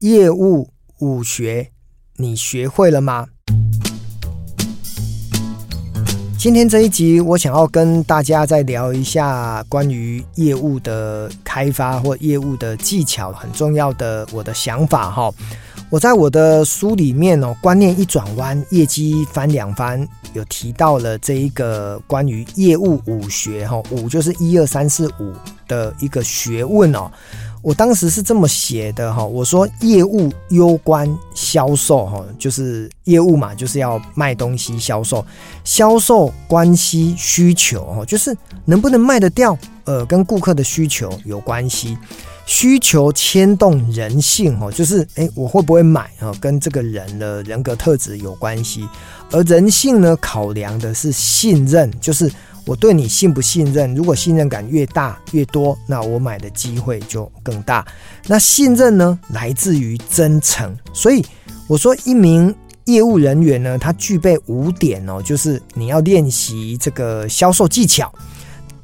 業務五學，你學會了嗎？今天這一集，我想要跟大家再聊一下關於業務的開發或業務的技巧，很重要的我的想法。我在我的書裡面，觀念一轉彎，業績翻兩番，有提到了這一個關於業務五學，五就是一二三四五的一個學問哦。我當時是這麼寫的哈，我說業務攸關銷售哈，就是業務嘛，就是要賣東西銷售。銷售關係需求哈，就是能不能賣得掉，呃，跟顧客的需求有關係。需求牽動人性哈，就是，誒，我會不會買，跟這個人的人格特質有關係。而人性呢，考量的是信任，就是。我對你信不信任？如果信任感越大越多，那我買的機會就更大。那信任呢，來自於真誠。所以我說，一名業務人員呢，他具備五點哦，就是你要練習這個銷售技巧，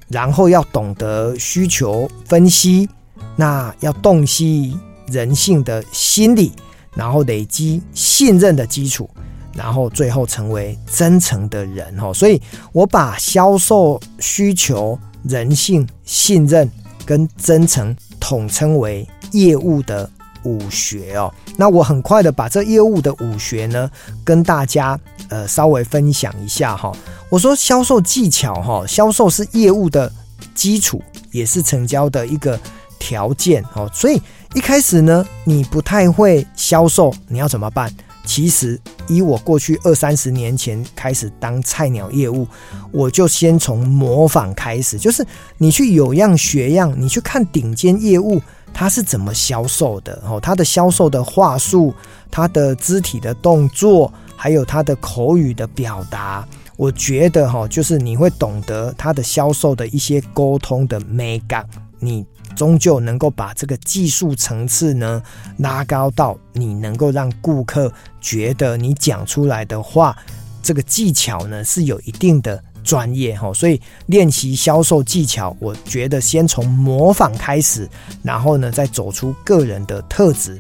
然後要懂得需求分析，那要洞悉人性的心理，然後累積信任的基礎。然後最後成為真誠的人哦，所以我把銷售、需求、人性、信任跟真誠統稱為業務的五學哦。那我很快的把這業務的五學呢，跟大家呃稍微分享一下哈。我說銷售技巧哈，銷售是業務的基礎，也是成交的一個條件哦。所以一開始呢，你不太會銷售，你要怎麼辦？其實，以我過去二三十年前開始當菜鳥業務，我就先從模仿開始，就是你去有樣學樣，你去看頂尖業務它是怎麼銷售的，哦，它的銷售的話術，它的肢體的動作，還有它的口語的表達，我覺得哈，就是你會懂得它的銷售的一些溝通的美感，你。終究能夠把這個技術層次呢拉高到你能夠讓顧客覺得你講出來的話，這個技巧呢是有一定的專業。所以練習銷售技巧，我覺得先從模仿開始，然後呢再走出個人的特質。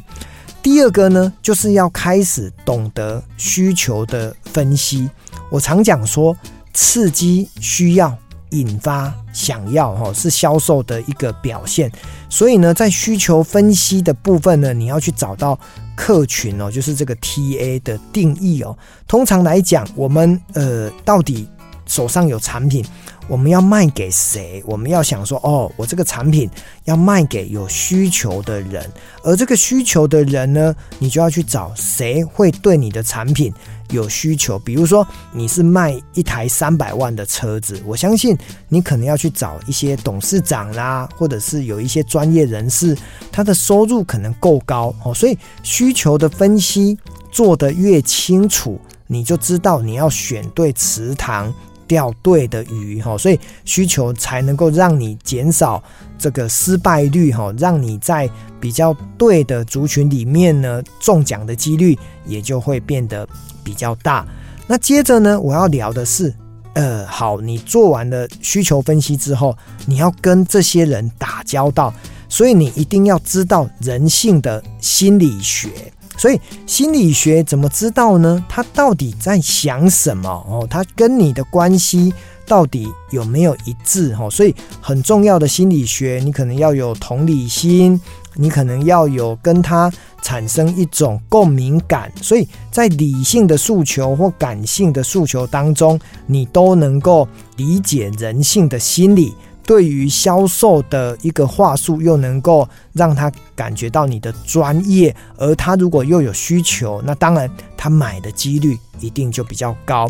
第二個呢，就是要開始懂得需求的分析。我常講說，刺激需要。引發想要哦，是銷售的一個表現，所以呢，在需求分析的部分呢，你要去找到客群哦，就是這個 TA 的定義哦。通常來講，我們呃，到底手上有產品。我們要賣給誰？我們要想說，哦，我這個產品要賣給有需求的人，而這個需求的人呢，你就要去找誰會對你的產品有需求。比如說，你是賣一台三百萬的車子，我相信你可能要去找一些董事長啦，或者是有一些專業人士，他的收入可能夠高哦。所以需求的分析做得越清楚，你就知道你要選對池塘。釣對的魚哈，所以需求才能夠讓你減少這個失敗率哈，讓你在比較對的族群裡面呢，中獎的幾率也就會變得比較大。那接着呢，我要聊的是，呃，好，你做完了需求分析之後，你要跟這些人打交道，所以你一定要知道人性的心理學。所以心理學怎麼知道呢？他到底在想什麼哦？他跟你的關係到底有沒有一致哦？所以很重要的心理學，你可能要有同理心，你可能要有跟他產生一種共鳴感，所以在理性的訴求或感性的訴求當中，你都能夠理解人性的心理。對於銷售的一個話術，又能夠讓他感覺到你的專業，而他如果又有需求，那當然他買的幾率一定就比較高。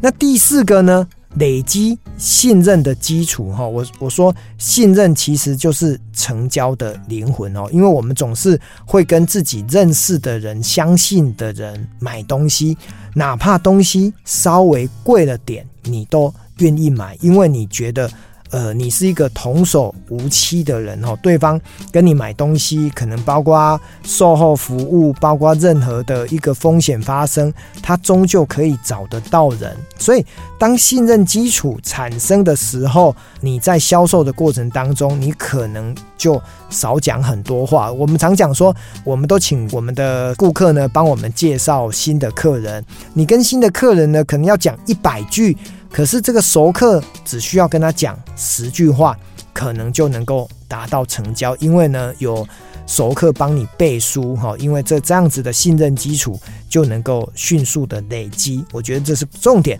那第四個呢，累積信任的基礎哈，我我說信任其實就是成交的靈魂哦，因為我們總是會跟自己認識的人、相信的人買東西，哪怕東西稍微貴了點，你都願意買，因為你覺得。呃，你是一個童叟無欺的人哦。對方跟你買東西，可能包括售後服務，包括任何的一個風險發生，他終究可以找得到人。所以，當信任基礎產生的時候，你在銷售的過程當中，你可能就少講很多話。我們常講說，我們都請我們的顧客呢幫我們介紹新的客人。你跟新的客人呢，可能要講一百句。可是這個熟客只需要跟他講十句話，可能就能夠達到成交，因為呢有熟客幫你背書，哈，因為這這樣子的信任基礎就能夠迅速的累積，我覺得這是重點。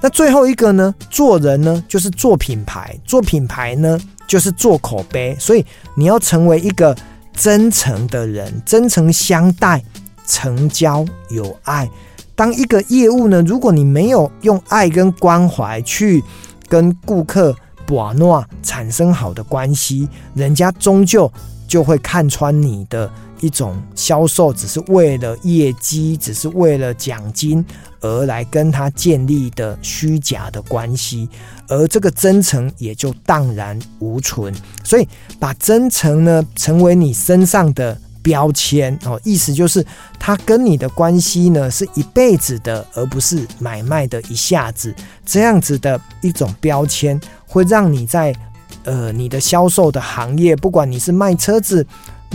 那最後一個呢，做人呢就是做品牌，做品牌呢就是做口碑，所以你要成為一個真誠的人，真誠相待，成交有愛。當一個業務呢，如果你沒有用愛跟關懷去跟顧客把脈，產生好的關係，人家終究就會看穿你的一種銷售，只是為了業績，只是為了獎金而來跟他建立的虛假的關係，而這個真誠也就蕩然無存。所以，把真誠呢，成為你身上的。標籤哦，意思就是他跟你的關係呢，是一輩子的，而不是買賣的一下子這樣子的一種標籤，會讓你在呃你的銷售的行業，不管你是賣車子、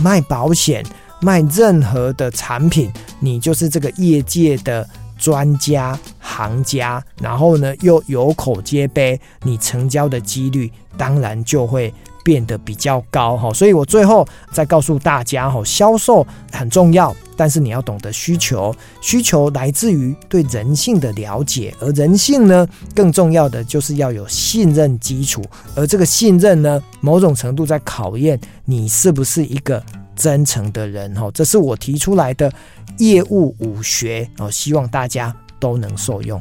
賣保險、賣任何的產品，你就是這個業界的專家行家，然後呢又有口皆碑，你成交的幾率當然就會。變得比較高，所以我最後再告訴大家，銷售很重要，但是你要懂得需求，需求來自於對人性的了解，而人性呢，更重要的就是要有信任基礎，而這個信任呢，某種程度在考驗你是不是一個真誠的人。這是我提出來的業務五學，希望大家都能受用。